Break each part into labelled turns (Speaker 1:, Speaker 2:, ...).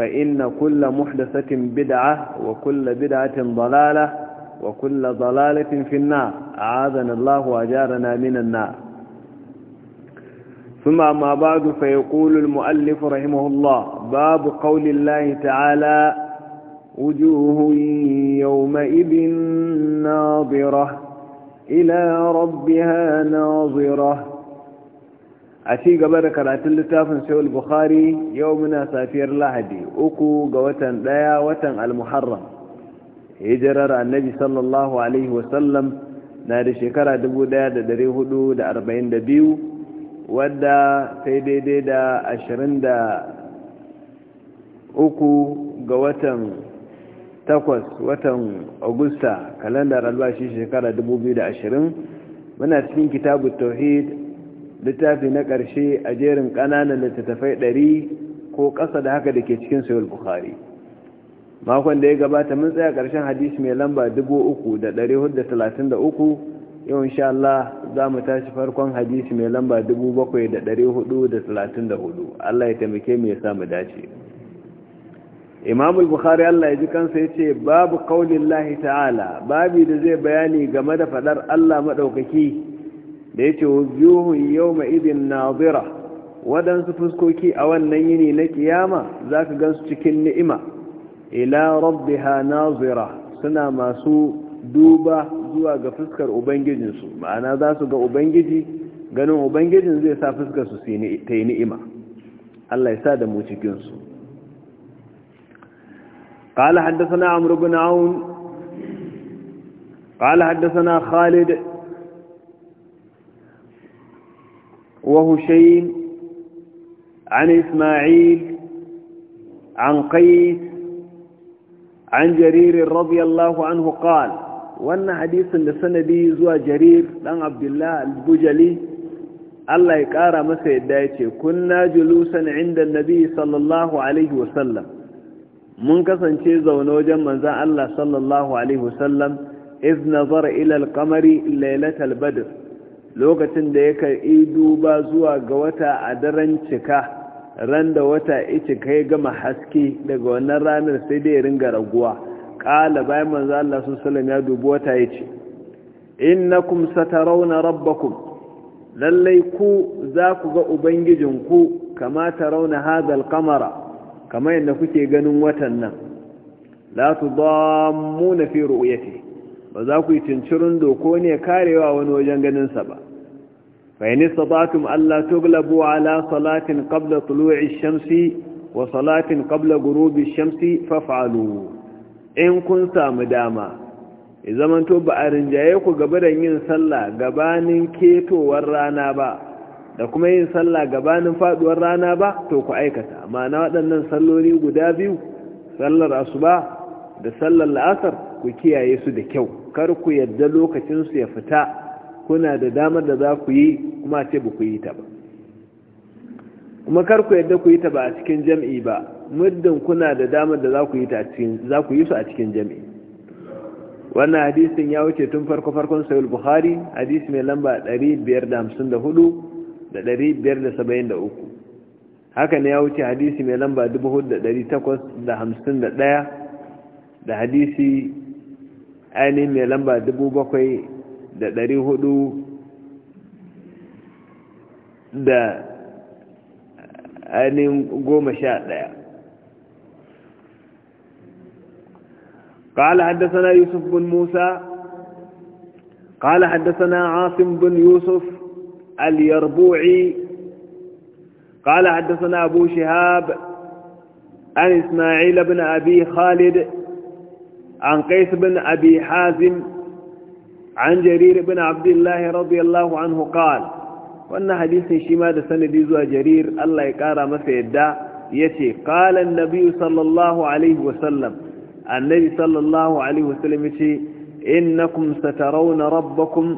Speaker 1: فإن كل محدثة بدعة وكل بدعة ضلالة وكل ضلالة في النار أعاذنا الله وأجارنا من النار ثم أما بعد فيقول المؤلف رحمه الله باب قول الله تعالى وجوه يومئذ ناظرة إلى ربها ناظرة a ci gaba da karatun littafin sayul bukhari yau muna safiyar lahadi uku ga watan daya watan almuharram hijirar annabi sallallahu alaihi wasallam na da shekara 1442 wadda sai daidai da 23 ga watan takwas watan agusta kalandar albashi shekara 2020 muna cikin kitabu tauhid littafi na ƙarshe a jerin ƙananan littattafai ɗari ko ƙasa da haka da ke cikin sayar bukari. makon da ya gabata mun tsaya ƙarshen hadisi mai lamba 3,433 yau insha Allah za mu tashi farkon hadisi mai lamba da 7,434 Allah ya taimake mu ya mu dace imam bukhari Allah ya ji kansa ya ce babu kaulin ta'ala babu da zai bayani game da faɗar Allah maɗaukaki da yake wujuhun yawma idin nazira waɗansu fuskoki a wannan yini na kiyama za ka gansu cikin ni'ima ila rabbiha nazira suna masu duba zuwa ga fuskar ubangijinsu ma'ana za su ga ubangiji ganin ubangijin zai sa fuskar su ta yi ni'ima Allah ya sa da mu cikinsu قال حدثنا عمرو بن عون قال حدثنا خالد وهشيم عن إسماعيل عن قيس عن جرير رضي الله عنه قال وأن حديث لسندي زوى جرير عن عبد الله البجلي الله يقارى مسا يدايتي كنا جلوسا عند النبي صلى الله عليه وسلم من كسن شيء زونو جمع الله صلى الله عليه وسلم إذ نظر إلى القمر ليلة البدر lokacin da ya karɓi duba zuwa ga wata a daren cika ran da wata ice kai gama haske daga wannan ranar sai dai ringa raguwa ƙala bayan manzo Allah sun salam ya dubi wata ya ce innakum satarawna rabbakum lallai ku za ku ga ubangijinku kama tarawna hadal qamara Kama yadda kuke ganin watan nan la tudammuna fi ru'yatihi ba za ku yi cincirin doko ne karewa wani wajen ganinsa ba fa'in istatatum Allah tuglabu ala salatin qabla tulu'i shamsi wa salatin qabla gurubi shamsi faf'alu in kun samu dama ya zamanto ba a rinjaye ku gaba da yin sallah gabanin ketowar rana ba da kuma yin sallah gabanin faduwar rana ba to ku aikata Mana waɗannan salloli guda biyu sallar asuba da sallar la'asar ku kiyaye su da kyau kar ku yadda lokacinsu ya fita kuna da damar da za ku yi kuma ce ba ku yi ta ba kuma kar ku yadda ku yi ta ba a cikin jam'i ba muddin kuna da damar da za ku yi su a cikin jam'i wannan hadisin ya wuce tun farko farkon sayul buhari hadisi mai lamba 554 da 573 haka ne ya wuce hadisi mai lamba 4851 da hadisi ainihin mai lamba dubu bakwai da ɗari hudu da ainihin goma sha ɗaya قال حدثنا يوسف بن موسى قال حدثنا عاصم بن يوسف اليربوعي قال حدثنا أبو شهاب عن إسماعيل بن أبي خالد عن قيس بن أبي حازم عن جرير بن عبد الله رضي الله عنه قال وأن حديث شماد سنديز جرير الله يقارى مسيدا يتي قال النبي صلى الله عليه وسلم النبي صلى الله عليه وسلم يتي إنكم سترون ربكم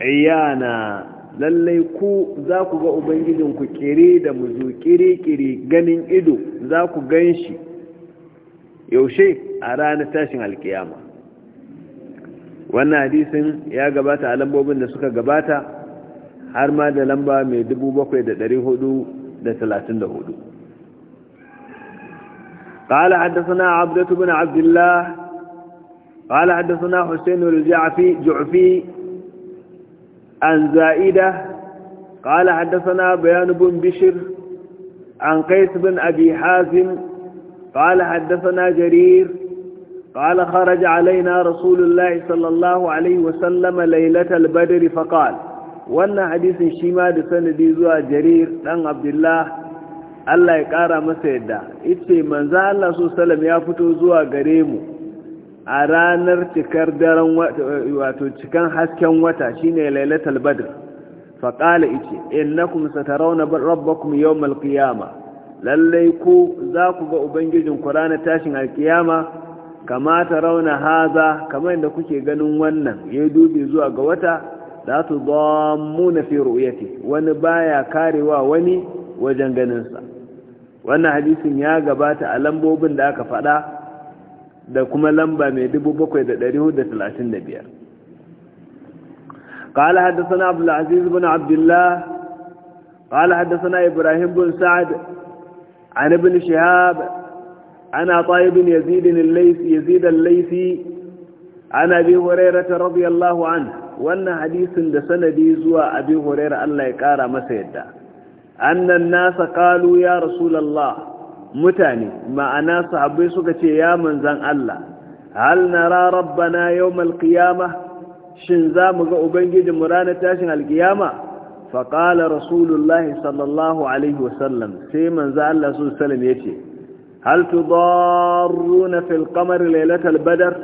Speaker 1: عيانا lallai ku za ku ga ubangijinku kere da muzu kere-kere ganin ido za ku gan shi yaushe a ranar tashin alkiyama wannan hadisin ya gabata a lambobin da suka gabata har ma da lamba mai hudu. قال حدثنا عبدة بن عبد الله قال حدثنا حسين الجعفي جعفي عن زائدة قال حدثنا بيان بن بشر عن قيس بن أبي حازم قال حدثنا جرير قال خرج علينا رسول الله صلى الله عليه وسلم ليلة البدر فقال وانا حديث شما دسان ديزوا جرير عن عبد الله Allah ya ƙara masa yadda ita manzo Allah ya fito zuwa gare mu a ranar cikar daren wato cikan hasken wata shine lailatul badr fa qala satarau na satarawna rabbakum yawmal lallai ku za ku ga ubangijin ku ranar tashin alkiyama kamata rauna haza kamar yadda kuke ganin wannan ya dubi zuwa ga wata za su zammu na fi ru'yati wani baya karewa wani wajen ganinsa wannan hadisin ya gabata a lambobin da aka faɗa da kuma lamba mai 7435 قال حدثنا عبد العزيز بن عبد الله قال na Ibrahim bin عن ابن شهاب عن عطاء بن يزيد الليث يزيد الليث عن ابي هريره رضي الله عنه وان حديث ده سندي زوا ابي هريره الله يقرا مسا يدا ان الناس قالوا يا رسول الله متاني ما أنا صحبي سكتي يا منزان الله هل نرى ربنا يوم القيامه shin za mu ga ubangijinmu ranar tashin alkiyama faƙala rasulullahi sallallahu alaihi wasallam sai manzo Allah su salam ya ce hal tudarruna fil qamar lailatal badr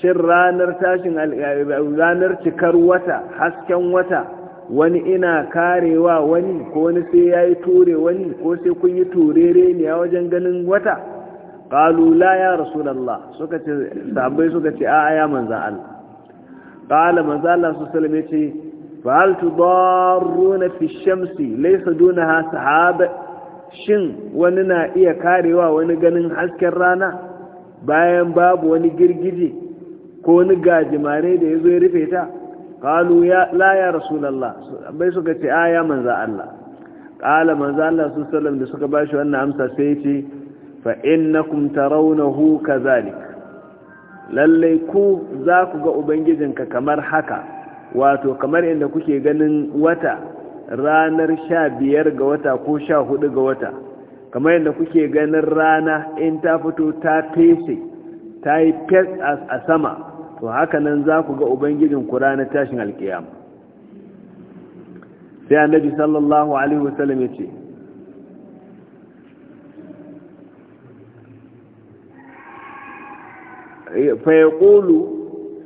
Speaker 1: shin ranar tashin ranar cikar wata hasken wata wani ina karewa wani ko wani sai yayi ture wani ko sai kun yi turere ne a wajen ganin wata qalu la ya rasulullah suka ce sabai suka ce a aya manzo Allah qala manzo Allah su salam ya ce fahal tudarruna fi shamsi laysa dunaha sahaba wani na iya karewa wani ganin hasken rana bayan babu wani girgije ko wani gajimare da yazo ya rufe ta qalu ya la ya rasulullah bai suka ce aya manzo Allah qala manzo Allah sallallahu alaihi wasallam da suka bashi wannan amsa sai ya ce fa innakum tarawnahu kadhalik lalle ku za ku ga ubangijinka kamar haka wato kamar inda kuke ganin wata ranar sha biyar ga wata ko sha hudu ga wata kamar yadda kuke ganin rana in ta fito ta fese ta yi fes a sama to haka nan za ku ga ubangijinku ranar tashin alkiyama sai annabi sallallahu alaihi wasallam ya ce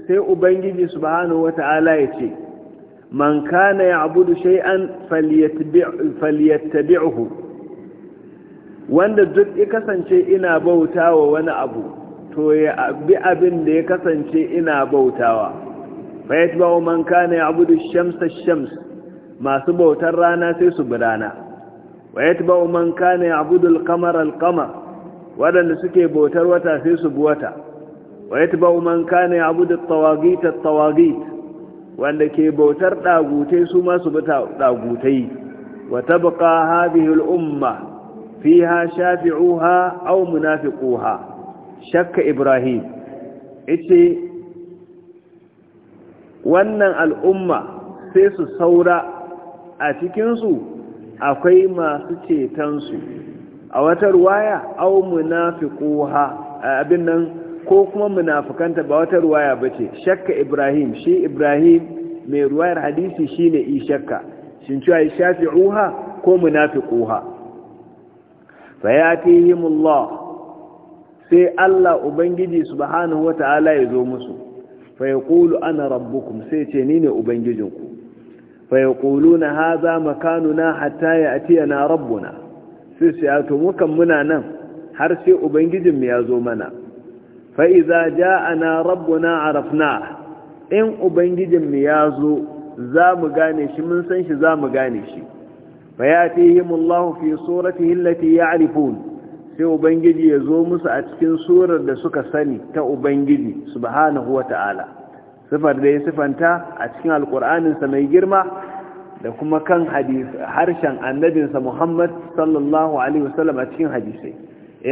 Speaker 1: sai ubangiji subhanahu wata'ala ya ce man kana abudu shay'an falyattabi'uhu wanda duk ya kasance ina bautawa wani abu to ya bi abin da ya kasance ina bautawa fayatba'u man kana Abudu shamsa shams masu bautar rana sai su bi rana wayatba'u man kana ya'budu al-qamara al-qamar wadanda suke bautar wata sai su bi wata wa ya taba man kana ya abudu tawagit tawagit wanda ke bautar dagutai su ma su bi dagutai wa tabqa hadhihi al umma fiha shafi'uha aw munafiquha shakka ibrahim ice. wannan al'umma sai su saura a cikinsu akwai masu cetansu a wata ruwaya au munafiquha abin nan ko kuma munafukanta ba wata ruwaya ba ce shakka ibrahim shi ibrahim mai ruwayar hadisi shi ne i shakka shin cewa shafi shafi'uha ko munafiquha fa ya tihimullah sai allah ubangiji subhanahu ta'ala ya zo musu fayakulu ana rabbukum sai ce ni ne ubangijinku fa yaquluna hadha makanuna hatta na rabbuna sai sai to mukan muna nan har sai ubangijinmu ya zo mana fa'iza ja'ana rabbuna arafna in ubangijinmu ya zo za mu gane shi mun san shi za mu gane shi fa ya fi suratihi ya ya'rifun sai ubangiji ya zo musu a cikin surar da suka sani ta ubangiji subhanahu wa ta'ala sifar da ya sifanta a cikin alkur'aninsa mai girma da kuma kan harshen annabinsa muhammad sallallahu alaihi wasallam a cikin hadisai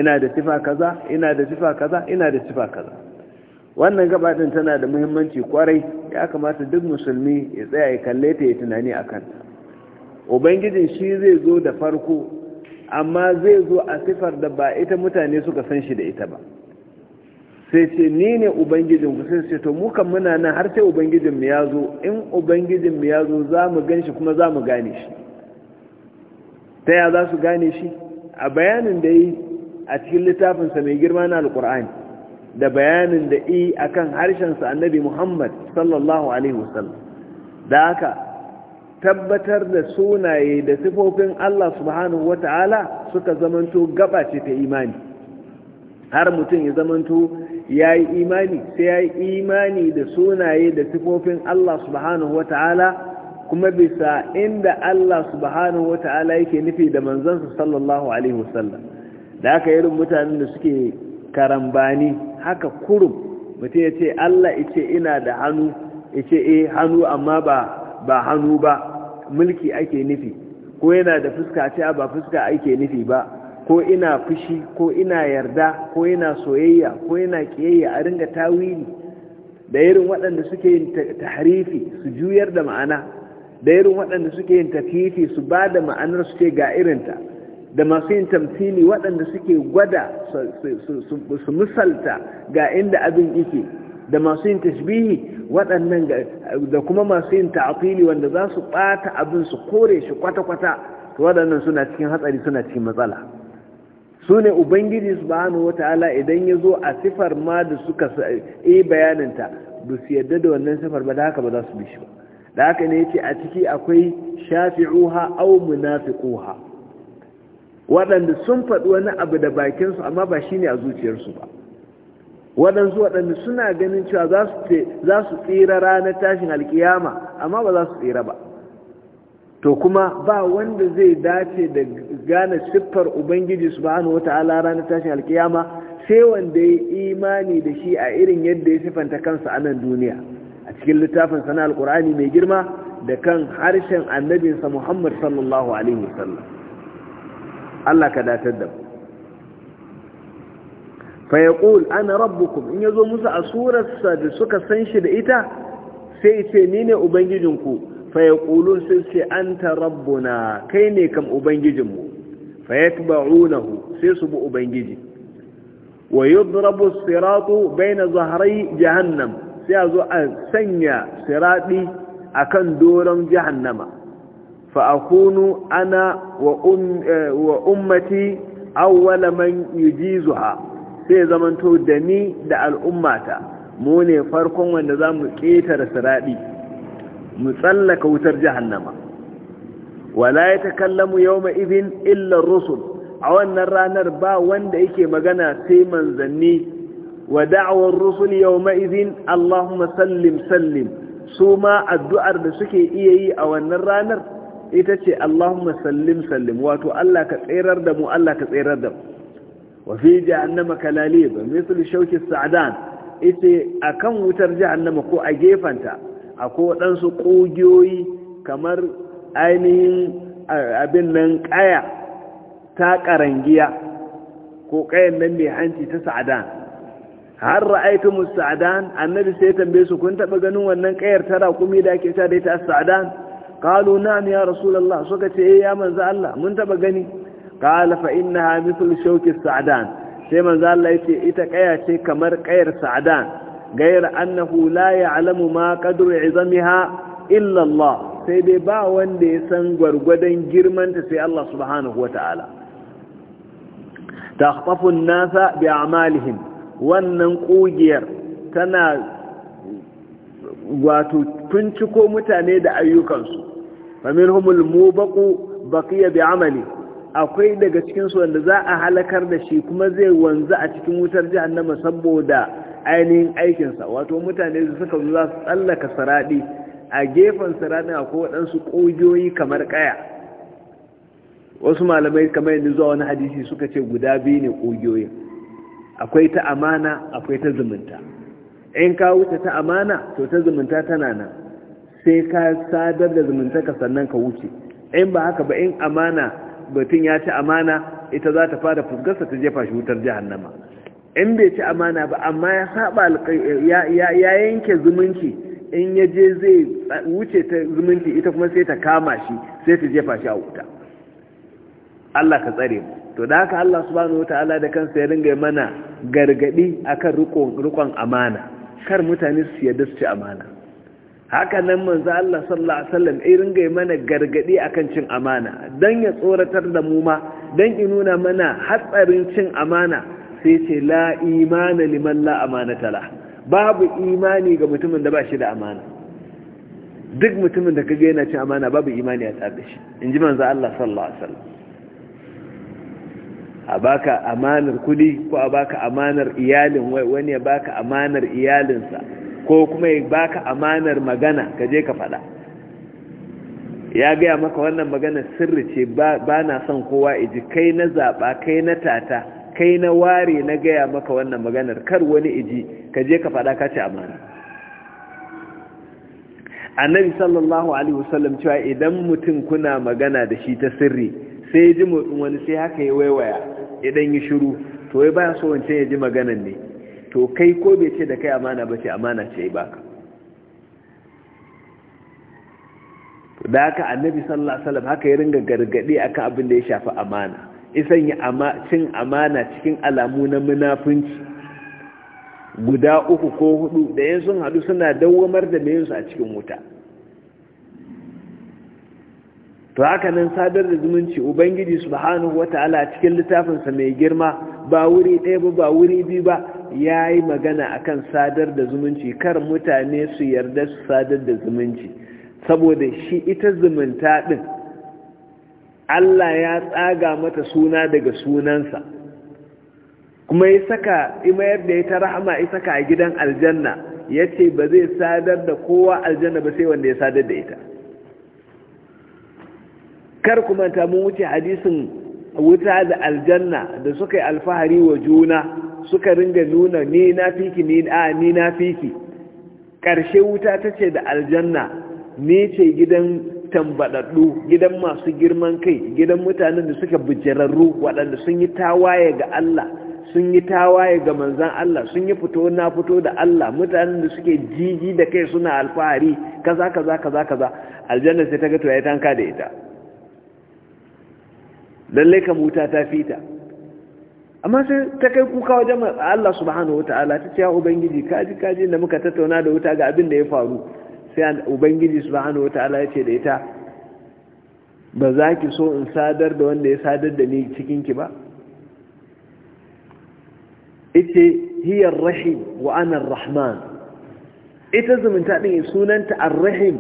Speaker 1: ina da sifa kaza ina da sifa kaza ina da sifa kaza wannan gabatar tana da muhimmanci kwarai ya kamata duk musulmi ya tsaya ya kalle ta ya tunani a kanta ubangijin shi zai zo da farko amma zai zo a sifar da ba ita mutane suka san shi da ita ba sai ce ni ne ubangijin ku sai ce to mu kan muna nan har sai ubangijin mu ya zo in ubangijin mu ya zo za mu gan shi kuma za mu gane shi ta ya za su gane shi a bayanin da yi a cikin littafinsa mai girma na alkur'ani da bayanin da i akan harshensa annabi muhammad sallallahu alaihi wasallam da haka tabbatar da sunaye da sifofin allah subhanahu wata'ala suka zamanto gabace ce ta imani har mutum ya zamanto ya yi imani sai ya yi imani da sunaye da sifofin allah subhanahu wata'ala kuma bisa inda Allah subhanahu yake nufi da manzansa sallallahu Alaihi wasallam da aka yi irin mutanen da suke karambani haka kurum mutum ya ce Allah ice ina da hannu ice eh hannu amma ba ba hannu ba mulki ake nufi ko yana da fuska ce ah, ba fuska ake nufi ba ko ina fushi ko ina yarda ko ina soyayya ko ina kiyayya a ringa tawili da irin waɗanda suke yin tahrifi su juyar da ma'ana da irin waɗanda suke yin tafifi su ba da ma'anar su ce ga irinta da masu yin tamfili waɗanda suke gwada su misalta ga inda abin yake da masu yin tashbihi waɗannan da kuma masu yin ta'atili wanda za su ɓata abin su kore shi kwata-kwata waɗannan suna cikin hatsari suna cikin matsala su ne ubangiji su ba hannu wata'ala idan ya zo a sifar ma da suka yi e bayaninta ba su yadda da wannan sifar ba da haka ba za su bi shi ba da haka ne ya ce a ciki akwai shafi'uha au munafiquha waɗanda sun faɗi wani abu da bakinsu amma ba shi ne a zuciyarsu ba waɗansu waɗanda suna ganin cewa za su tsira ranar tashin alkiyama amma ba za su tsira ba to kuma ba wanda zai dace da gane siffar ubangiji wata ala ranar tashin alkiyama sai wanda ya imani da shi a irin yadda ya siffanta kansa a nan duniya a cikin littafin sana alkur'ani mai girma da kan harshen annabinsa muhammad sallallahu alaihi wasallam Allah ka datar da fa yaqul ana rabbukum in yazo musu a surarsa da suka san shi da ita sai ce ni ne ubangijinku fa yaqulun sai ce anta rabbuna kai ne kam ubangijinmu fa yatba'unahu sai su bi ubangiji wa yudrabu siratu bayna zaharai jahannam sai a zo a sanya sirati akan doron jahannama فأكون أنا وأم وأمتي أول من يجيزها sai zamanto da ni da al'ummata mu ne farkon wanda za mu ƙetare siraɗi mu tsallaka wutar jahannama wala ya ta mu yau ma'izin illar rusul a wannan ranar ba wanda yake magana sai manzanni wa da'awar rusul yau ma'izin Allahuma sallim sallim su ma addu'ar da suke iya yi a wannan ranar ita ce Allahumma sallim sallim wato Allah ka tserar da mu Allah ka tserar da mu wa fi jahannama kalalib misal shauki sa'dan ita akan wutar jahannama ko a gefanta akwai waɗansu ƙugiyoyi kamar ainihin abin nan ƙaya ta ƙarangiya ko kayan nan mai hanci ta sa'adan har ra'aytu sadan annabi sai tambaye su kun taɓa ganin wannan kayar ta kuma da ake sa da ita sa'adan qalu ya rasulullah suka ce eh ya manzo Allah mun taba gani qala fa innaha mithlu shawki sa'dan sai manzo Allah ita kaya ce kamar kayar sa'adan. gaira annahu la ya'lamu ma qadru 'izamiha illa sai dai ba wanda ya san gwargwadon girmanta sai Allah subhanahu wataala takhtafu an-nasa bi'amalihim wannan kugiyar tana wato tunciko mutane da ayyukansu فمنهم الموبق بقي بعمله akwai daga cikin wanda za a halakar da shi kuma zai wanzu a cikin wutar jahannama saboda ainihin aikinsa wato mutane da suka za su tsallaka saradi a gefen saradin akwai waɗansu ƙogiyoyi kamar ƙaya wasu malamai kamar yadda zuwa wani hadisi suka ce guda biyu ne ƙogiyoyin akwai ta amana akwai ta zumunta in ka wuce ta amana to ta zumunta tana nan sai ka sadar da zumuntaka sannan ka wuce in ba haka ba in amana batun ya ci amana ita za ta fara fuskarsa ta jefa shi wutar nama, in bai ci amana ba amma ya saba ya yanke zumunci in ya je zai wuce ta zumunci ita kuma sai ta kama shi sai ta jefa shi a wuta Allah ka tsare mu to da haka Allah subhanahu wataala da kansa ya ringa mana gargadi akan rukon amana kar mutane su yarda su ci amana haka nan manzo Allah sallallahu alaihi wasallam irin ga mana gargadi akan cin amana dan ya tsoratar da mu ma dan ya nuna mana hatsarin cin amana sai ce la imana liman la amanata la babu imani ga mutumin da ba shi da amana duk mutumin da kaga yana cin amana babu imani a tsabe shi inji manzo Allah sallallahu alaihi wasallam a baka amanar kudi ko a baka amanar iyalin wani ya baka amanar iyalinsa ko kuma ya baka amanar magana ka je ka faɗa ya gaya maka wannan magana sirri ce ba na son kowa iji kai na zaɓa kai na tata kai na ware na gaya maka wannan maganar kar wani iji ka je ka faɗa ka ce amana annabi sallallahu alaihi wasallam cewa idan mutum kuna magana da shi ta sirri sai ji motsin wani sai haka ya waiwaya idan yi shiru to wai baya so wancan ya ji maganar ne to kai ko bai ce da kai amana ba ce amana ce ba ka da haka annabi sallallahu alaihi wasallam haka ya ringa gargadi akan abin da ya shafi amana isan cin amana cikin alamu na munafunci guda uku ko hudu da yanzu sun hadu suna dawwamar da mayinsu a cikin wuta to haka nan sadar da zumunci ubangiji subhanahu wata'ala cikin littafinsa mai girma ba wuri ɗaya ba ba wuri biyu ba ya yi magana a kan sadar da zumunci kar mutane su yarda su sadar da zumunci saboda shi ita zumunta ɗin Allah ya tsaga mata suna daga sunansa kuma ya saka imayar da ya ta rahama ya saka a gidan aljanna ya ce ba zai sadar da kowa aljanna ba sai wanda ya sadar da ita kar kuma ta mun wuce hadisin wuta da aljanna da suka yi alfahari wa juna suka ringa nuna ni na fiki ni a ni na fiki ƙarshe wuta ta ce da aljanna ni ce gidan tambadaddu gidan masu girman kai gidan mutanen da suka bijirarru waɗanda sun yi tawaye ga Allah sun yi tawaye ga manzan Allah sun yi fito na fito da Allah mutanen da suke jiji da kai suna alfahari kaza kaza kaza kaza aljanna sai ta ga to ya tanka da ita lalle ka muta ta fita amma sai ta kai kuka wajen Allah subhanahu wata'ala ta ce ya ubangiji kaji kaji da muka tattauna da wuta ga abin da ya faru sai ubangiji subhanahu wata'ala ya ce da ita ba za ki so in sadar da wanda ya sadar da ni cikin ki ba ita hiyar rahim wa anar rahman ita zumunta ɗin sunanta ar-rahim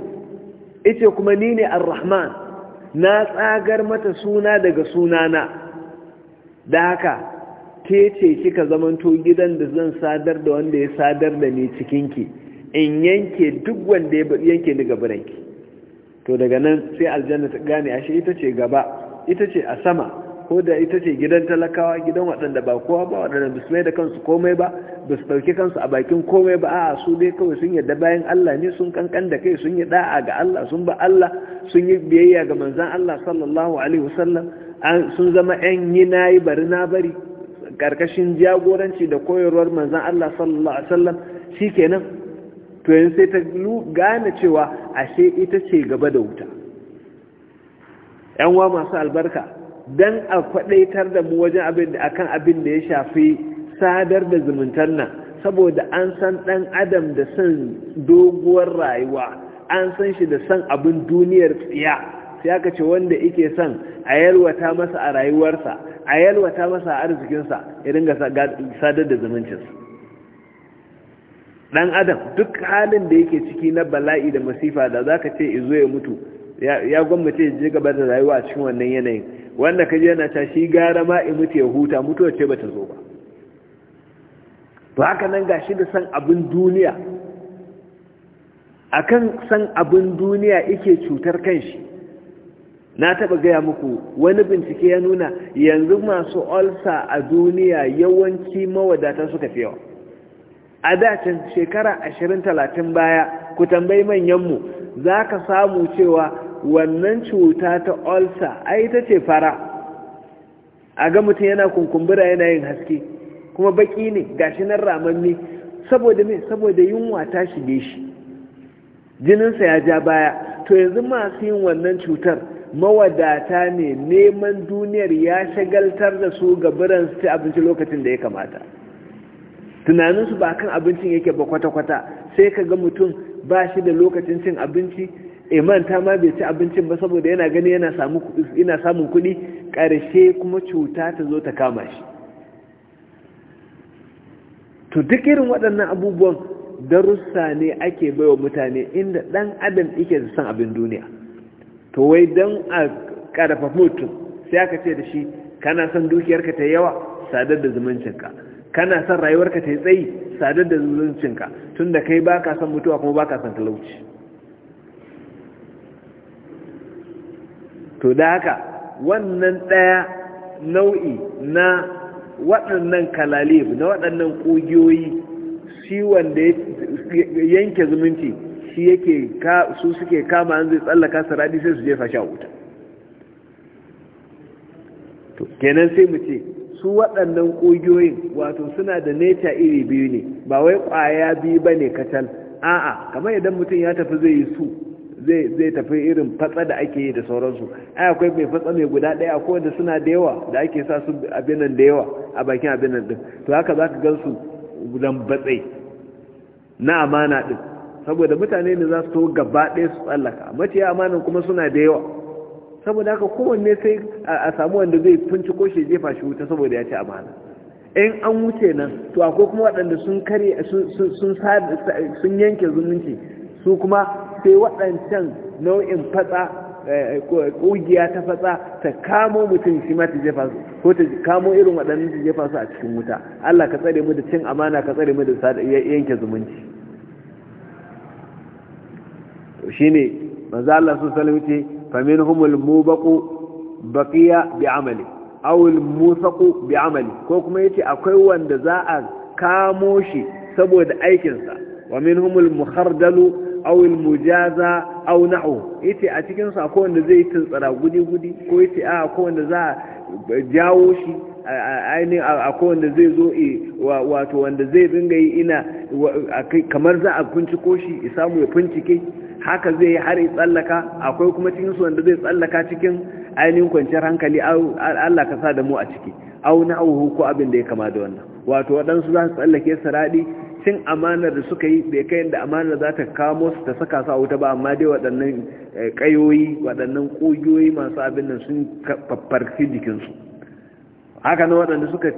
Speaker 1: ita kuma ni ne ar-rahman na tsagar mata suna daga sunana da haka ke ce kika zamanto gidan da zan sadar da wanda ya sadar da ni cikinki in yanke duk wanda ya yanke ni biranki? to daga nan sai aljanna ta gane ashe ita ce gaba ita ce a sama ko da ita ce gidan talakawa gidan waɗanda ba kowa ba waɗanda ba mai da kansu komai ba ba su ɗauki kansu a bakin komai ba a su dai kawai sun yadda bayan Allah ne sun kankan da kai sun yi da'a ga Allah sun ba Allah sun yi biyayya ga manzan Allah sallallahu alaihi wasallam sun zama 'yan yi na yi bari na bari Ƙarƙashin jagoranci da koyarwar manzan Allah sallallahu alaihi wasallam nan, to yanzu sai ta gane cewa ashe ita ce gaba da wuta Yanwa masu albarka don a kwadaitar da mu wajen abin da akan abin da ya shafi sadar da zumuntar nan saboda an san ɗan adam da san doguwar rayuwa an san shi da san abin duniyar tsiya sai aka ce wanda yake son a yalwata masa a rayuwarsa a yalwata masa a arzikinsa ya dinga sadar da zumuncinsa dan adam duk halin da yake ciki na bala'i da masifa da za ka ce izo ya mutu ya gwammace je gaba da rayuwa a cikin wannan yanayin wanda ka je yana ta shi gara ma in mutu ya huta mutuwa ce ba ta zo ba to haka nan gashi da san abin duniya akan san abin duniya yake cutar kanshi na taɓa gaya muku wani bincike ya nuna yanzu masu olsa a duniya yawanci mawadata suka fi yawa a dacin shekara ashirin talatin baya ku tambayi manyanmu za ka samu cewa wannan cuta ta olsa a ita ce fara a ga mutum yana kunkumbura yana yin haske kuma baki ne gashi nan ramanni saboda mai saboda yunwa ta shige shi jininsa ya ja baya to yanzu masu yin wannan cutar mawadata ne neman duniyar ya shagaltar da su ga biran su abinci lokacin da ya kamata tunaninsu ba kan abincin yake ba kwata-kwata sai ka ga mutum ba shi da lokacin cin abinci iman e, ta ma bai ci abincin ba saboda yana gani yana samun kuɗi ƙarshe kuma cuta ta zo ta kama shi to duk irin waɗannan abubuwan darussa ne ake baiwa mutane inda ɗan adam yake son abin duniya to wai don a ƙarfa mutum sai aka ce da shi kana son dukiyarka ta yawa sadar da zumuncinka kana son rayuwarka ta yi tsayi sadar da zumuncinka tun da kai ba ka son mutuwa kuma ba ka son talauci to da haka wannan ɗaya nau'i na waɗannan kalalib na waɗannan ƙugiyoyi shi wanda yanke zumunci shi yake su suke kama an zai tsallaka sarari sai su jefa shi a wuta to kenan sai mu ce su waɗannan ƙugiyoyin wato suna da neta iri biyu ne ba wai ƙwaya biyu ba ne kacal a'a kamar idan mutum ya tafi zai yi su zai tafi irin fatsa da ake yi da sauransu ai akwai mai fatsa mai guda ɗaya akwai wanda suna da yawa da ake sa su abinan da yawa a bakin abinan din to haka za ka gan su lambatsai na amana din. saboda mutane ne za su to gaba ɗaya su tsallaka maciya amana kuma suna da yawa saboda haka kowanne sai a samu wanda zai tunci ko shi jefa shi wuta saboda ya ci amana in an wuce nan to akwai kuma waɗanda sun kare sun yanke zumunci su kuma sai waɗancan nau'in fatsa eh, ƙugiya ta fatsa ta kamo mutum shi ma ta jefa su ko ta kamo irin waɗannan ta jefa su a cikin wuta Allah ka tsare mu da cin amana ka tsare mu da yanke zumunci to shine manzo Allah sallallahu alaihi wasallam ce humul mubaqu baqiya bi amali aw al musaqu bi amali ko kuma yace akwai wanda za a kamo shi saboda aikin sa wa humul mukhardalu aw al mujaza aw na'u yace a cikin sa akwai wanda zai tuntsara gudi gudi ko yace a akwai wanda za a jawo shi ainihin akwai wanda zai zo wato wanda zai dinga yi ina kamar za a binciko shi ya samu ya fincike haka zai yi har ya tsallaka akwai kuma cikinsu wanda zai tsallaka cikin ainihin kwanciyar hankali Allah ka sa da mu a ciki au na auhu ko abin da ya kama da wannan wato waɗansu za su tsallake saraɗi cin amanar da suka yi bai kai da amanar za ta kamo su ta saka su a wuta ba amma dai waɗannan eh, ƙayoyi waɗannan ƙugiyoyi masu abin nan sun farfi jikinsu haka na waɗanda suka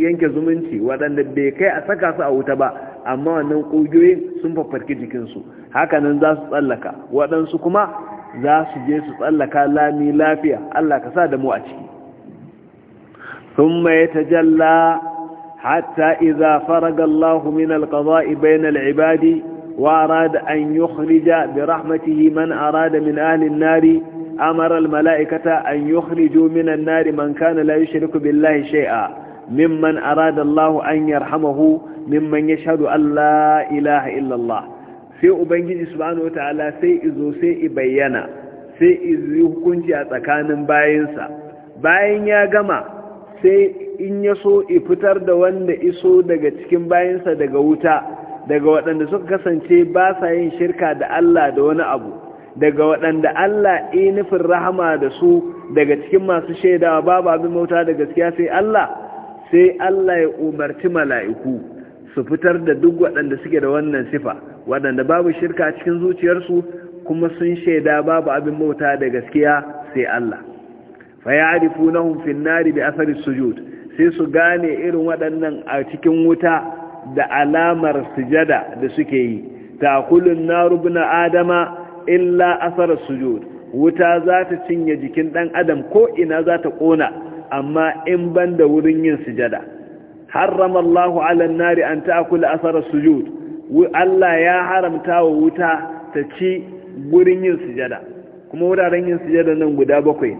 Speaker 1: yanke zumunci waɗanda bai kai a saka su a wuta ba amma wannan ƙugiyoyin sun fafarki jikinsu haka nan za su tsallaka waɗansu kuma za su je su tsallaka lami lafiya Allah ka sa da mu a ciki sun mai tajalla hatta iza faragallahu min alƙaza'i bayan al'ibadi wa arada an yi bi rahmatihi man arada min alin nari amara almala'ikata an yukhriju minan nari man kana la yushriku billahi shay'a mimman arada Allah an yarhamahu mimman yashhadu an la ilaha illa Allah sai ubangiji subhanahu wataala sai izo sai ibayyana sai izi hukunci a tsakanin bayinsa bayan ya gama sai in ya so fitar da wanda iso daga cikin bayansa daga wuta daga waɗanda suka kasance ba sa yin shirka da Allah da wani abu daga waɗanda Allah ya nufin rahama da su daga cikin masu shaidawa babu abin mota da gaskiya sai Allah sai Allah ya umarci mala'iku su fitar da duk waɗanda suke da wannan sifa waɗanda babu shirka cikin zuciyarsu kuma sun shaida babu abin mota da gaskiya sai Allah fa ya'rifunahum fin nari bi athari sujud sai su gane irin waɗannan a cikin wuta da alamar sujada da suke yi ta'kulun naru ibn adama illa asarar sujud wuta za ta cinye jikin ɗan adam ko ina za ta ƙona amma in ban da wurin yin sujada harrama Allahu ala nari an akula asarar sujud Allah ya haramta wa wuta ta ci wurin yin sujada kuma wuraren yin sujada nan guda bakwai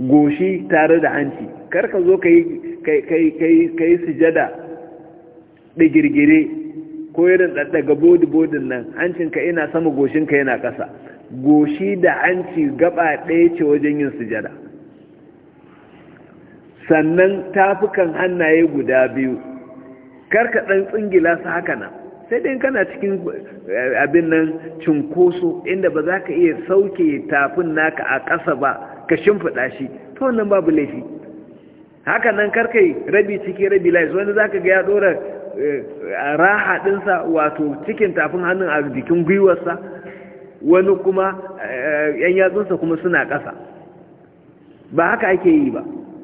Speaker 1: goshi tare da hanci Kar ka zo ka yi sujada da ko irin daddaga bodi-bodin nan hancinka ina sama goshinka yana ƙasa goshi da hanci gaba ɗaya ce wajen yin sujada sannan tafukan hannaye guda biyu karka ɗan tsingila su haka nan sai dai kana cikin eh, abin nan cinkoso inda ba za ka iya sauke tafin naka a ƙasa ba ka shimfiɗa shi ta wannan babu laifi haka nan karkai rabi ciki rabi laifi wani za ka ga ya ɗora Eh, raha dinsa wato cikin tafin hannun a jikin gwiwarsa wani kuma eh, ‘yan yatsunsa kuma suna ƙasa ba haka ake yi ba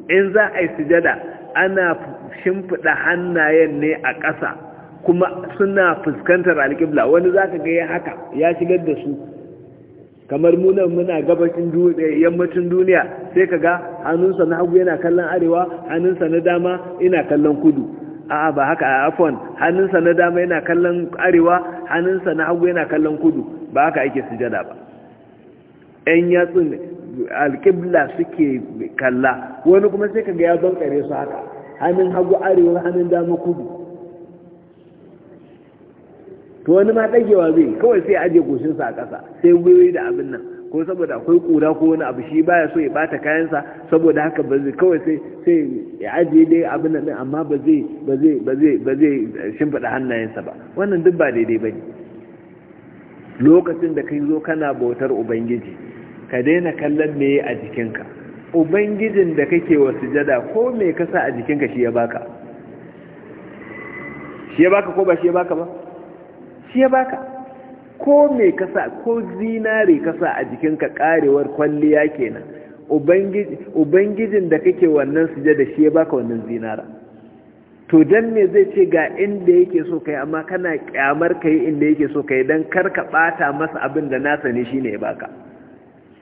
Speaker 1: in za a yi sujada ana shimfiɗa hannayen ne a ƙasa kuma suna fuskantar alƙibla wani za ka gaya haka ya shigar da su kamar munan muna gabashin eh, yammacin duniya sai ka ga hannunsa na hagu yana kallon arewa hannunsa na dama ina kallon kudu a'a ba haka a afon hannunsa na dama yana kallon arewa hannunsa na hagu yana kallon kudu ba haka ake sujada ba ɗan yatsun alƙibla suke kalla wani kuma sai kaga ya bankare su haka hannun hagu arewa hannun dama kudu to wani ma ɗagewa zai kawai sai aje goshinsa a ƙasa sai wuri da abin nan ko saboda akwai kura ko wani abu shi baya so ya bata kayansa saboda haka ba zai kawai sai sai ya ajiye dai abin nan amma ba zai ba zai ba zai ba zai shimfida hannayensa ba wannan duk ba daidai bane lokacin da kai zo kana bautar ubangiji ka daina kallon meye a jikinka ubangijin da kake wa sujada ko me ka sa a jikinka shi ya baka shi ya baka ko ba shi ya baka ba shi ya baka ko mai kasa ko zinare kasa a jikinka karewar kwalliya kenan ubangijin da kake wannan suje da shi ya baka wannan zinara to dan me zai ce ga inda yake so kai amma kana kyamar kai inda yake so kai dan kar ka bata masa abin da nasa ne shine ya baka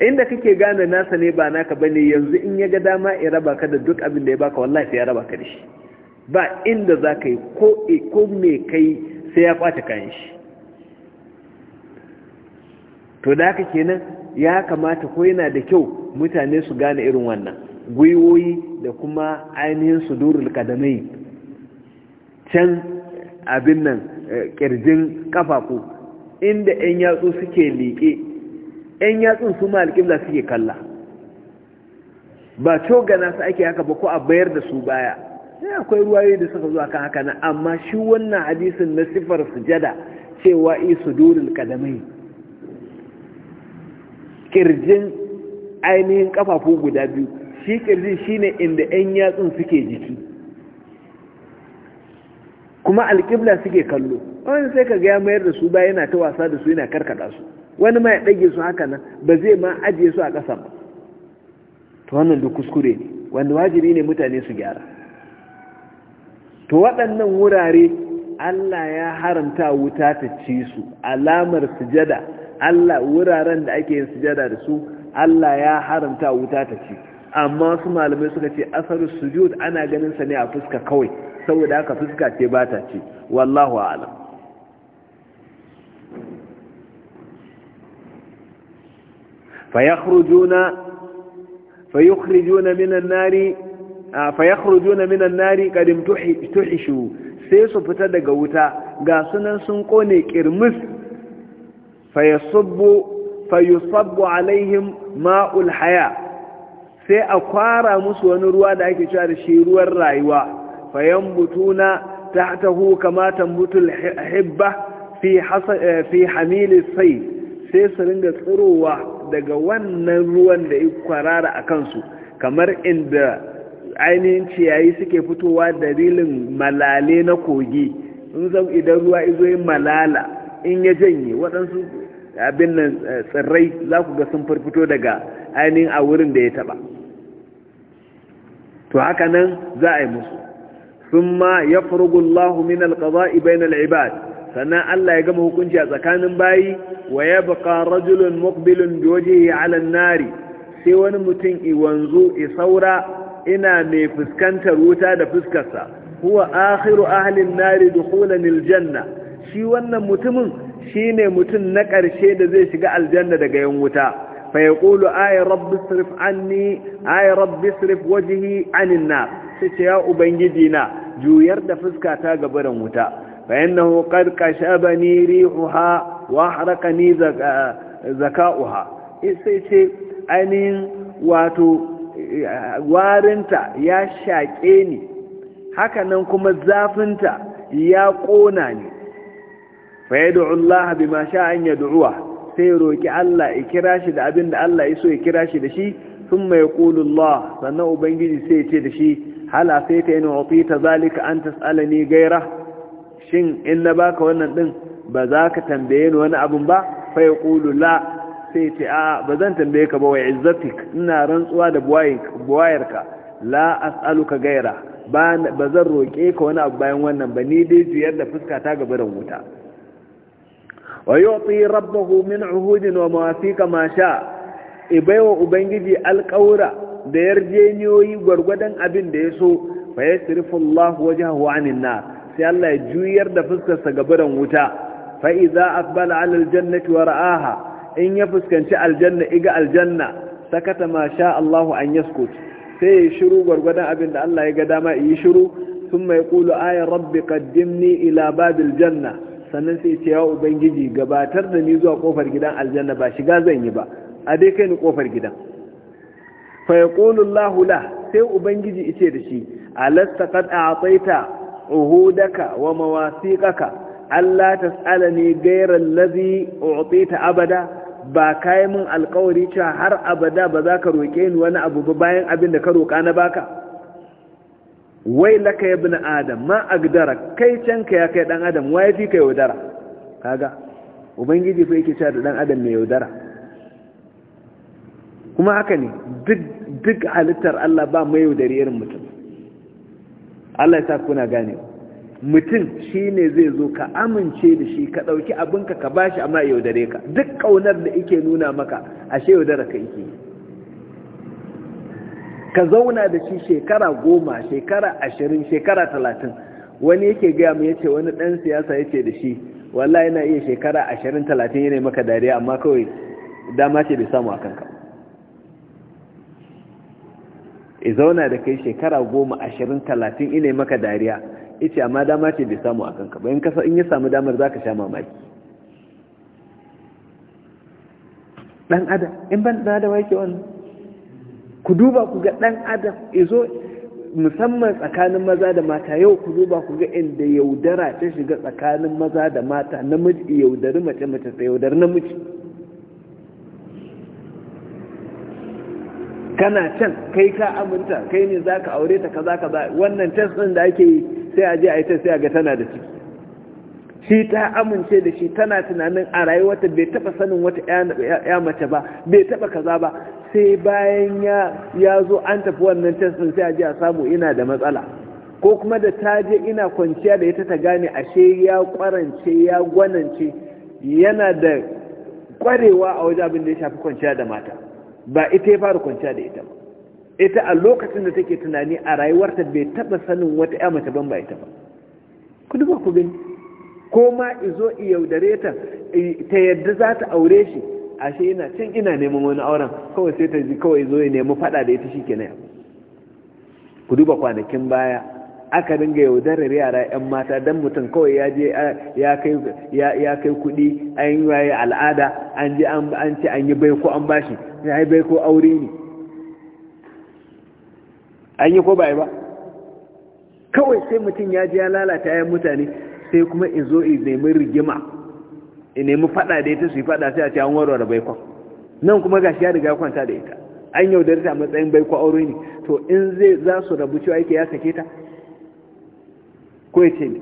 Speaker 1: inda kake gane nasa ne ba naka bane yanzu in ya ga dama ya raba ka da duk abin da ya baka wallahi sai ya raba ka da shi ba inda za ka yi ko me kai sai ya kwata kan shi to da haka kenan ya kamata ko yana da kyau mutane su gane irin wannan gwiwoyi da kuma ainihin sudurul kadamai can abin nan kirjin eh, kafafu inda 'yan yatsu suke liƙe 'yan yatsun su alƙibla suke kalla ba cogana su ake haka ba ko a bayar da su baya sai akwai ruwayoyi da suka zuwa kan haka na amma shi wannan hadisin na sifar sujada cewa isu durul kadamai kirjin ainihin kafafu guda biyu shi kirjin shine inda 'yan yatsun suke jiki kuma alƙibla suke kallo wani sai ka gaya mayar da su ba yana ta wasa da su yana karkada su wani ma ya ɗage su haka nan ba zai ma ajiye su a ƙasa ba to wannan duk kuskure ne wanda wajibi ne mutane su gyara to waɗannan wurare Allah ya haramta wuta ta ci su alamar sujada Allah wuraren da ake yin sujada da su Allah ya haramta wuta ta ci amma su malamai suka ce asarin sujud ana ganin sa ne a fuska kawai saboda haka fuska ce ba ta ci wallahu a'lam fayakhrujuna fayukhrijuna minan nari fayakhrujuna minan nari tuhishu sai su fita daga wuta ga sunan sun kone kirmis fayusabbu alaihim ma'ul haya sai a kwara musu wani ruwa da ake cewa da shi ruwan rayuwa fayan butuna ta taho kamatan butul hibba fi eh, hamili sai sai su ringa tsirowa daga wannan ruwan da ya kwarara a kansu kamar inda ainihin ciyayi suke fitowa dalilin malale na kogi in zan idan ruwa izo malala in ya janye waɗansu abin nan eh, tsirrai za ku ga sun farfito daga ainihin a wurin da ya taɓa to haka nan za a yi musu sun ma ya furgullahu min alƙaza ibain al'ibad sannan Allah ya gama hukunci a tsakanin bayi wa ya baka rajulun mukbilun ya alan nari sai wani mutum iwanzu isaura ina mai fuskantar wuta da fuskarsa huwa akhiru ahlin nari dukhulan janna shi wannan mutumin shine mutum na ƙarshe da zai shiga aljanna daga yan wuta fa ƙulu ay rabbi sirif anni ay rabbi anin sai ya ubangiji na juyar da fuska ta gabaran wuta fa innahu kashabani rihuha wa harqani zaka'uha sai ce ainihin wato warinta ya shaƙe ni hakanan kuma zafinta ya ƙona ni fa yad'u Allah bima sha'a an du'uwa sai roki Allah ya kira shi da abin da Allah ya so ya kira shi da shi thumma yaqulu Allah sannan ubangiji sai ya ce da shi hala sai ta yana ta zalika an tas'alani gaira shin in na baka wannan din ba za ka tambaye ni wani abin ba fa yaqulu la sai ce a ba zan tambaye ka ba wa izzatik ina rantsuwa da buwayarka la as'aluka gaira ba zan roƙe ka wani abu bayan wannan ba ni dai juyar da fuska ta gaba da wuta wa yu'ti rabbahu min uhudin wa mawafiqa ma sha ibaiwa ubangiji alƙaura da yarjeniyoyi gwargwadon abin da ya so fa yasrifu Allah wajhahu 'anil sai Allah ya juyar da fuskarsa gabaran wuta fa idza aqbala 'ala al-jannati wa ra'aha in ya fuskanci aljanna iga aljanna sakata ma allahu Allah an yaskut sai ya shiru gwargwadon abin da Allah ya ga dama yi shiru ثم يقول آية rabbi قدمني ila babil janna sannan sai ce ya ubangiji gabatar da ni zuwa kofar gidan aljanna ba shiga zan yi ba a dai kai ni kofar gidan fa yaqulu Allahu la sai ubangiji ice da shi alasta qad a'taita uhudaka wa mawasiqaka alla tas'alani ghayra allazi u'tita abada ba kai min alƙawari cewa har abada ba za ka roke ni wani abu ba bayan abin da ka roka na baka wai laka ya bin adam ma agdara kai ka ya kai dan adam wai fi ka yaudara kaga ubangiji fa yake cewa da dan adam mai yaudara kuma haka ne duk halittar Allah ba mai yaudari irin mutum Allah ya sa kuna gane mutum shi ne zai zo ka amince da shi ka ɗauki abinka ka bashi amma yaudare ka duk kaunar da yake nuna maka ashe yaudara ka yake ka zauna da shi shekara goma shekara ashirin shekara talatin wani yake gaya mu yace wani dan siyasa yace da shi wallahi yana iya shekara ashirin talatin yana maka dariya amma kawai dama ce bai samu a kanka e zauna da kai shekara goma ashirin talatin ina maka dariya ita amma dama ce bai samu a kanka ba in ya samu damar za ka sha mamaki ɗan adam in ban ɗan adam yake wannan ku duba ku ga ɗan adam izo musamman tsakanin maza da mata yau ku duba ku ga inda yaudara ta shiga tsakanin maza da mata namiji yaudari mace mace ta yaudari namiji kana can kai ka aminta kai ne za ka aure ta kaza kaza wannan test ɗin da ake yi sai a je a yi ta sai a ga tana da ciki shi ta amince da shi tana tunanin a rayuwarta bai taba sanin wata ya mace ba bai taba kaza ba sai bayan ya zo an tafi wannan testin din sai a ji a samu ina da matsala ko kuma da ta je ina kwanciya da ita ta gane ashe ya kwarance ya gwanance yana da kwarewa a wajen abin da ya shafi kwanciya da mata ba ita ya fara kwanciya da ita ba ita a lokacin da take tunani a rayuwarta bai taba sanin wata ya mace ban ba ita ba ku duba ku gani ko ma izo i yaudare ta ta yadda za ta aure shi ashe ina can ina neman wani auren kawai sai ta ji kawai zo ya nemi fada da ita shikenan ku duba kwanakin baya aka dinga yaudarar yara 'yan mata don mutum kawai ya je ya kai kudi an yi al'ada an ji an ci an yi bai ko an bashi ya yi bai ko aure ne an yi ko bai ba kawai sai mutum ya ji ya lalata 'yan mutane sai kuma in zo in nemi rigima in nemi fada da ita su yi fada sai a ce an warware baikon nan kuma gashi ya riga kwanta da ita an yaudar ta a matsayin baikon aure ne to in zai za su rabu cewa yake ya sake ta ko ya ce ne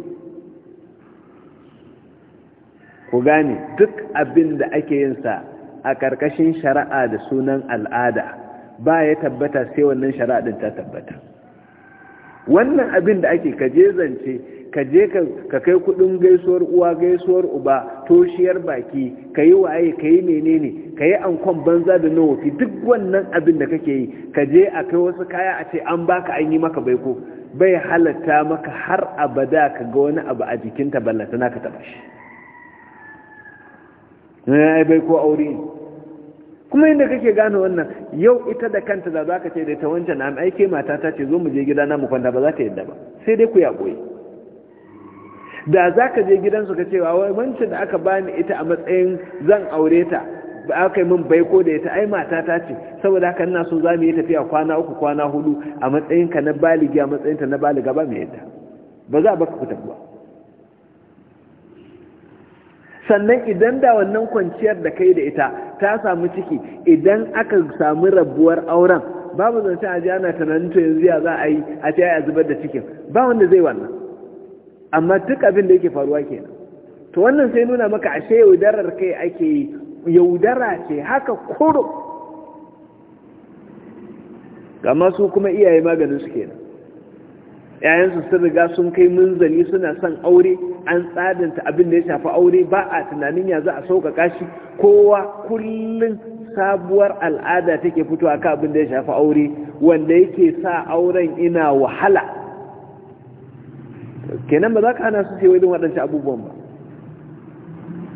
Speaker 1: ku gane duk abin da ake yin sa a karkashin shari'a da sunan al'ada ba ya tabbata sai wannan shari'a din ta tabbata wannan abin da ake kaje zance ka je ka kai kudin gaisuwar uwa gaisuwar uba toshiyar baki ka yi waye ka yi menene ka yi ankon banza da nawafi duk wannan abin da kake yi ka je a kai wasu kaya a ce an baka an yi maka baiko bai halatta maka har abada ka ga wani abu a jikinta ballata na ka taba shi eh, baiko aure kuma inda kake gane wannan yau ita da kanta da za ka ce da ta wancan na aike mata ta ce zo mu je gida na mu kwanta ba za ta yadda ba sai dai ku ya koyi da za ka je gidansu ka cewa wai wancan da aka bani ita a matsayin zan aure ta ba aka yi min baiko da ita ai mata ta ce saboda haka ina so za mu yi tafiya kwana uku kwana hudu a matsayin ka na baligi a matsayin ta na baliga ba mu yadda ba za a baka ku ba sannan idan da wannan kwanciyar da kai da ita ta samu ciki idan aka samu rabuwar auren babu zance a ji tunanin to yanzu ya za a yi a ce a zubar da cikin ba wanda zai wannan amma duk abin da yake faruwa kenan to wannan sai nuna maka ashe yaudarar kai ake yi yaudara ce haka kuro gama su kuma iyaye maganin su kenan yayansu sun riga sun kai munzali suna son aure an tsadanta abin da ya shafi aure ba a tunanin ya za a sauƙaƙa shi kowa kullum sabuwar al'ada take fitowa ka abin da ya shafi aure wanda yake sa auren ina wahala kenan ba za ka hana su ce wajen waɗansu abubuwan ba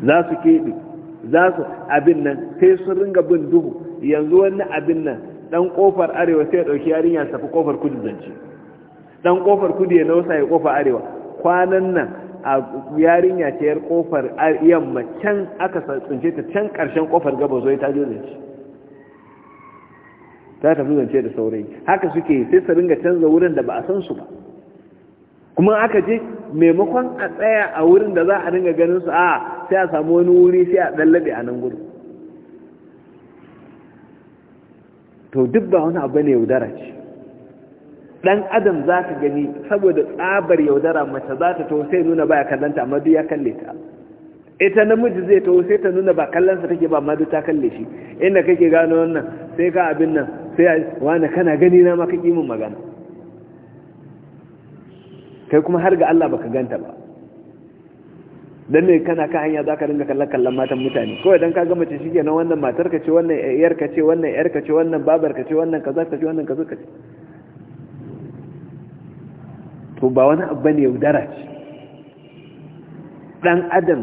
Speaker 1: za su keɓe za su abin nan sai sun ringa bin duhu yanzu wani abin nan ɗan ƙofar arewa sai ya ɗauki yarinya tafi ƙofar kudu zance ɗan ƙofar kudu ya nausa ya ƙofar arewa kwanan nan a yarinya ta yar ƙofar yamma can aka tsince ta can ƙarshen ƙofar gaba zo ta je zance ta tafi zance da saurayi haka suke sai su ringa canza wurin da ba a san su ba kuma aka je maimakon a tsaya a wurin da za a dinga ganin su a sai a samu wani wuri sai a ɗallabe a nan gudu to duk ba wani abu ne yaudara ce ɗan adam za ka gani saboda tsabar yaudara mace za ta to sai nuna ba ya kallanta amma duk ya kalle ta ita namiji zai to sai ta nuna ba kallansa take ba amma ta kalle shi inda kake gano wannan sai ka abin nan sai wani kana gani na ma kake min magana kai kuma har ga Allah baka ganta ba dan ne kana ka hanya zaka dinga kallon kallon matan mutane kawai dan ka ga mace shi kenan wannan matar ka ce wannan yar ka ce wannan yar ka ce wannan babar ka ce wannan kaza ka ce wannan kaza ka ce to ba wani abu ne yaudara ce dan adam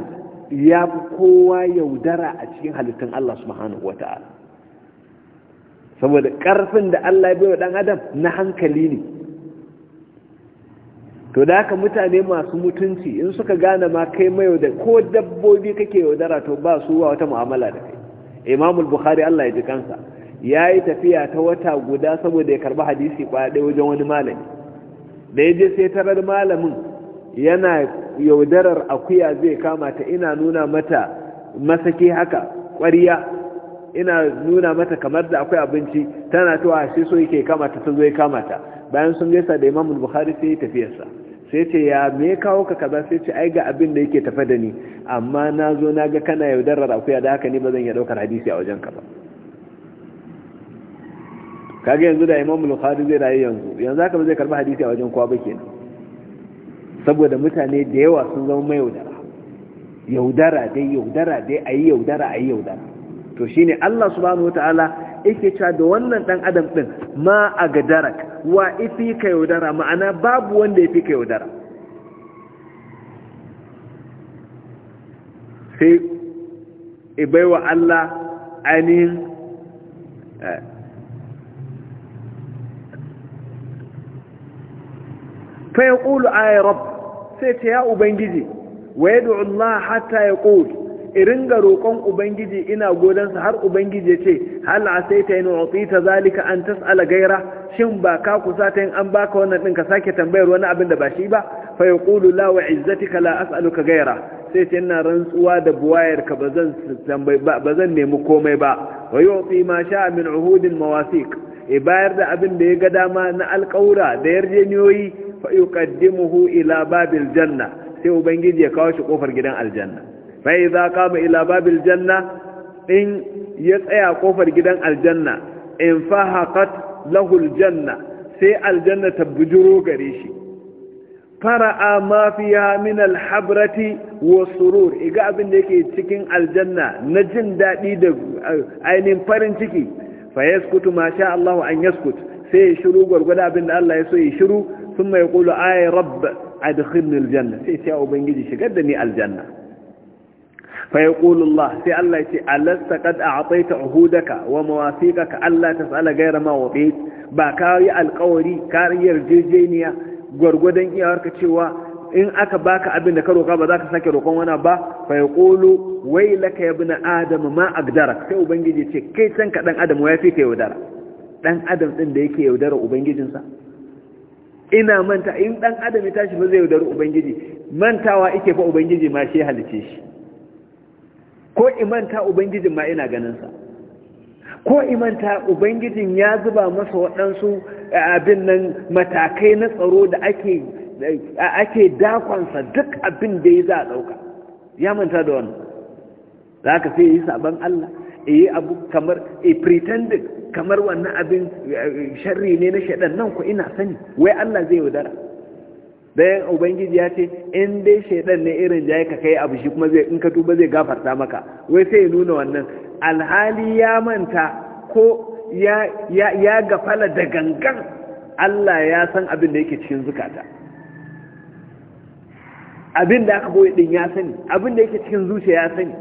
Speaker 1: ya fi kowa yaudara a cikin halittun Allah subhanahu wa ta'ala saboda ƙarfin da Allah ya bai wa dan adam na hankali ne to da haka mutane masu mutunci in suka gane ma kai yau da ko dabbobi kake yaudara to ba su wa wata mu'amala da kai imamul bukhari allah ya ji kansa ya yi tafiya ta wata guda saboda ya karba hadisi ba ɗaya wajen wani malami da ya je sai tarar malamin yana yaudarar akuya zai kama ta ina nuna mata masaki haka ƙwariya ina nuna mata kamar da akwai abinci tana cewa shi so yake kamata, ta zai zo bayan sun gaisa da imamul bukhari sai ya tafiyarsa sai ce ya me kawo ka kaza sai ce ai ga abin da yake tafa da ni amma na zo na ga kana yaudarar akuya da haka ne ba zan iya ɗaukar hadisi a wajen ka ba kaga yanzu da imam bukhari zai rayu yanzu yanzu haka ba zai karba hadisi a wajen kowa ba kenan saboda mutane da yawa sun zama mai yaudara yaudara dai yaudara dai ayi yaudara ayi yaudara to shine Allah subhanahu wataala yake cewa da wannan dan adam ɗin ma a gadara wa ifi ka yaudara ma'ana babu wanda ya fi ka yaudara sai ibai wa Allah ainihin eh, fa ya ƙulu a sai ta ya ubangiji wa ya Allah hatta ya ƙulu iringa roƙon ubangiji ina godansa har ubangiji ya ce hal asaita in ta zalika an tas'ala gaira shin ba ka kusa ta yin an baka wannan din ka sake tambayar wani abin da ba shi ba fa yaqulu la wa izzatika la as'aluka gaira sai ce ina rantsuwa da buwayar ka ba bazan nemi komai ba wa yu'ti ma sha'a min uhudin mawasiq e bayar da abin da ya ga dama na alƙawura da yarjeniyoyi fa yuqaddimuhu ila babil janna sai ubangiji ya kawo shi kofar gidan aljanna fai za kama ila babil janna in ya tsaya kofar gidan aljanna in fahakat lahul janna sai aljanna ta bujuro gare shi fara'a ma fiya min alhabrati wa surur iga abin da yake cikin aljanna na jin daɗi da eh, ainihin farin ciki fa yaskutu ma sha Allah an yaskut sai ya shiru gwargwada abin da Allah ya so ya shiru sun mai kulu ayi rabb adkhilni aljanna sai ya ubangiji shigar da ni aljanna فيقول الله في الله يتي ألست قد أعطيت عهودك ومواثيقك ألا تسأل غير ما وضيت باكاري القوري كاري الجيجينيا gwargwadon iyawarka cewa in aka baka abin da ka roƙa ba za ka sake roƙon wani ba fa ya ƙolo wai laka ya bina adam ma agdara sai ubangiji ce kai can ka ɗan adam ya fi ka yaudara ɗan adam ɗin da yake yaudara ubangijinsa ina manta in ɗan adam ya tashi ba zai yaudara ubangiji mantawa ike fa ubangiji ma shi halice shi ko imanta ubangijin ma ina ganinsa ko imanta ubangijin ya zuba masa waɗansu abin nan matakai na tsaro da ake ake dakonsa duk abin da ya za a ɗauka ya manta da wannan za ka sai yi sabon Allah yi abu kamar a pretending kamar wannan abin sharri ne na shaɗan nan ku ina sani wai Allah zai yaudara dayan ubangiji ya ce in dai shaidan ne irin jaye ka kai abu shi kuma zai in ka tuba zai gafarta maka wai sai ya nuna wannan alhali ya manta ko ya ya ya gafala da gangan Allah ya san abin da yake cikin zukata abin da aka boye din ya sani abin da yake cikin zuciya ya sani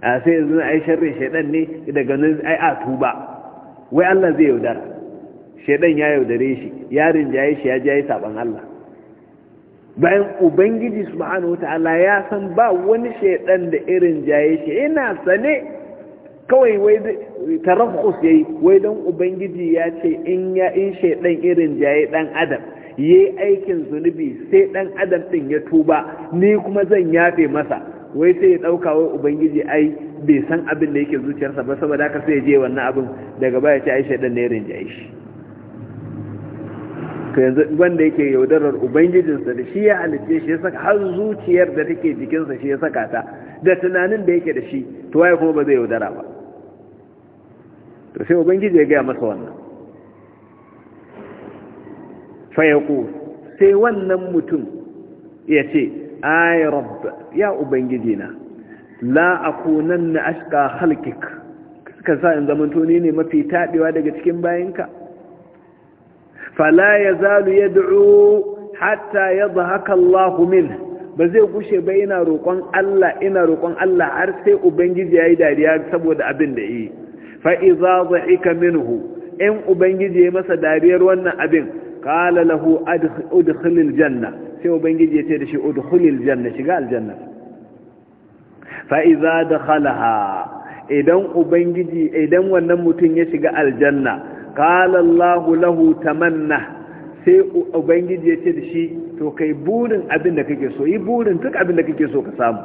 Speaker 1: a sai yanzu ai sharri shaidan ne daga nan ai a tuba wai Allah zai yaudara shaidan ya yaudare shi ya rinjaye shi ya jaye saban Allah bayan ubangiji subhanahu wataala ya san ba wani shaidan da irin jaye shi ina sane kawai wai tarakhus yayi wai dan ubangiji ya ce in ya in shaidan irin jaye dan adam yayi aikin zunubi sai dan adam din ya tuba ni kuma zan yafe masa wai sai ya dauka wai ubangiji ai bai san abin da yake zuciyarsa ba saboda haka sai ya je wannan abin daga baya ce ai shaidan ne irin jaye shi to yanzu wanda yake yaudarar ubangijinsa da shi ya halitta shi ya saka har zuciyar da take jikinsa shi ya saka ta da tunanin da yake da shi to waye kuma ba zai yaudara ba to sai ubangiji ya gaya masa wannan fayaku sai wannan mutum ya ce ay rabb ya ubangiji na la akunanna ashqa khalqik ka sa in zamanto ne mafi tadewa daga cikin bayinka fala ya zalu ya يضحك hatta منه zahaka Allahu min ba zai gushe ba ina roƙon Allah ina roƙon Allah har sai ubangiji yayi dariya saboda abin da yi fa iza dha'ika minhu in ubangiji ya masa dariyar wannan abin qala lahu udkhilil janna sai ubangiji ya ce da shi udkhilil janna shiga aljanna fa iza dakhalaha idan ubangiji idan wannan mutum ya shiga aljanna qala Allahu lahu tamanna sai ubangiji ya ce da shi to kai burin abin da kake so yi burin duk abin da kake so ka samu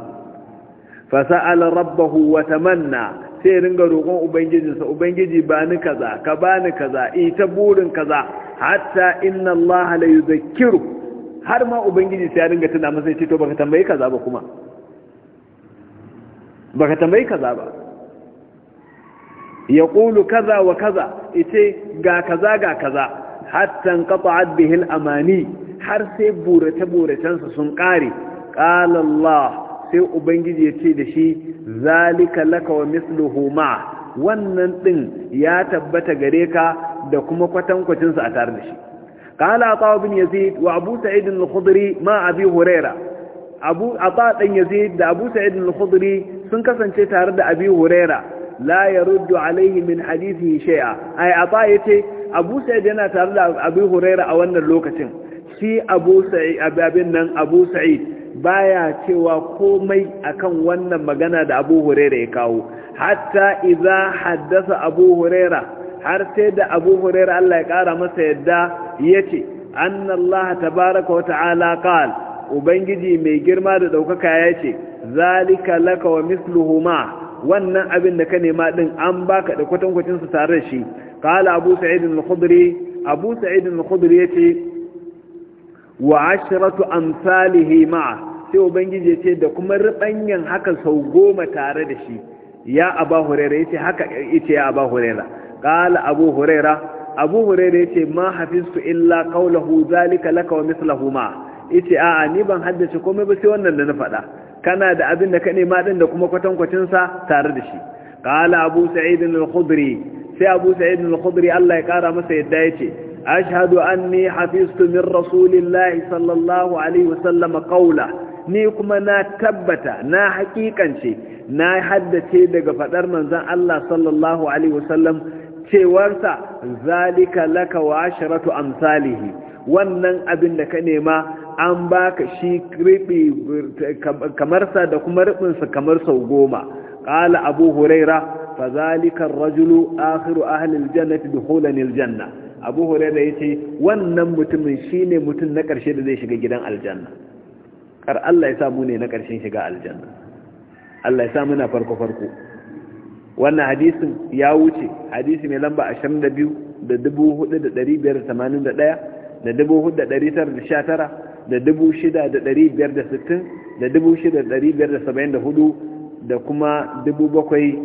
Speaker 1: sa'ala rabbahu wa tamanna sai ringa roƙon ubangijinsa ubangiji ba ni kaza ka ba ni kaza ita burin kaza hatta inna allaha la yuzakkiru har ma ubangiji sai ya ringa tuna masa ce to baka tambaye kaza ba kuma baka tambaye kaza ba ya ƙulu kaza wa kaza ita ga kaza ga kaza Hattan qata'at bihi amani har sai burace buracensa sun ƙare qala sai ubangiji ya ce da shi zalika laka wa misluhu ma wannan ɗin ya tabbata gare ka da kuma kwatankwacin sa a tare da shi qala ataw bin yazid wa abu sa'id al ma abi huraira abu ata dan yazid da abu sa'id al-khudri sun kasance tare da abi huraira la ya yaruddu alaihi min hadithihi shay'a ai aba yace abu sa'id yana tare da abu huraira a wannan lokacin shi abu sa'id ababin nan abu sa'id baya cewa komai akan wannan magana da abu huraira ya kawo hatta idza haddasa abu huraira har sai da abu huraira Allah ya kara masa yadda yace anna Allah tabaaraka wa ta'ala qala ubangiji mai girma da daukaka yace zalika laka wa mithluhuma wannan abin da ka nema din an baka da kwatankwacin su tare da shi qala abu sa'id al-khudri abu sa'id al-khudri yace wa ashratu amsalihi ma. sai ubangiji yace da kuma rubanyan haka sau goma tare da shi ya aba huraira yace haka yace ya aba huraira qala abu huraira abu huraira yace ma hafiztu illa qawluhu zalika laka wa mithluhu ma yace a'a ni ban haddace komai ba sai wannan da na faɗa kana da abin da ka nema din da kuma kwatankwacinsa tare da shi qala abu sa'id al-khudri sai abu sa'id al-khudri Allah ya kara masa yadda yace ashhadu anni hafiztu min rasulillahi sallallahu alaihi wasallam qawla ni kuma na tabbata na hakikance na haddace daga fadar manzon Allah sallallahu alaihi wasallam cewarsa zalika laka wa asharatu amsalihi wannan abin da ka nema an baka shi riɓe kamar sa da kuma riɓinsa kamar sau goma ƙala abu huraira fa zalikar rajulu akhiru ahlil jannati dukhulanil janna abu huraira yace wannan mutumin shine mutum na ƙarshe da zai shiga gidan aljanna kar Allah ya sa mu ne na ƙarshen shiga aljanna Allah ya sa muna farko farko wannan hadisin ya wuce hadisi mai lamba 22 da 4581 da 4919 da dubu shida da dari biyar da sittin da dubu shida da dari biyar da saba'in da hudu da kuma dubu bakwai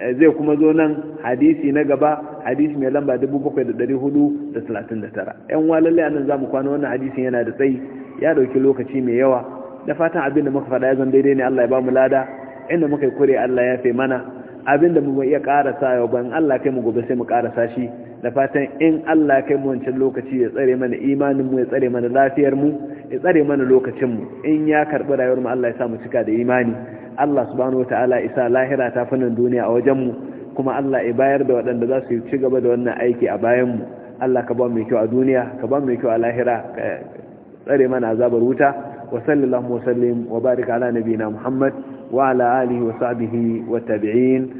Speaker 1: eh, zai kuma zo nan hadisi na gaba hadisi mai lamba dubu bakwai da dari hudu da talatin da tara yan walalai anan za mu kwana wannan hadisi yana da tsayi ya ɗauki lokaci mai yawa da fatan abin da muka faɗa ya zan daidai ne allah ya ba mu lada inda muka yi kure allah ya fe mana abin da mu iya karasa yau ban allah kai mu gobe sai mu karasa shi da fatan in Allah kai mu wancan lokaci ya tsare mana imaninmu ya tsare mana lafiyar ya tsare mana lokacin mu in ya karbi rayuwar mu Allah ya sa mu cika da imani Allah subhanahu wataala isa lahira ta fannin duniya a wajen mu kuma Allah ya bayar da waɗanda za su ci gaba da wannan aiki a bayan mu Allah ka ba mu kyau a duniya ka ba mu kyau a lahira ka tsare mana azabar wuta wa sallallahu wa sallim wa barika ala nabiyina Muhammad wa ala alihi wa sahbihi wa tabi'in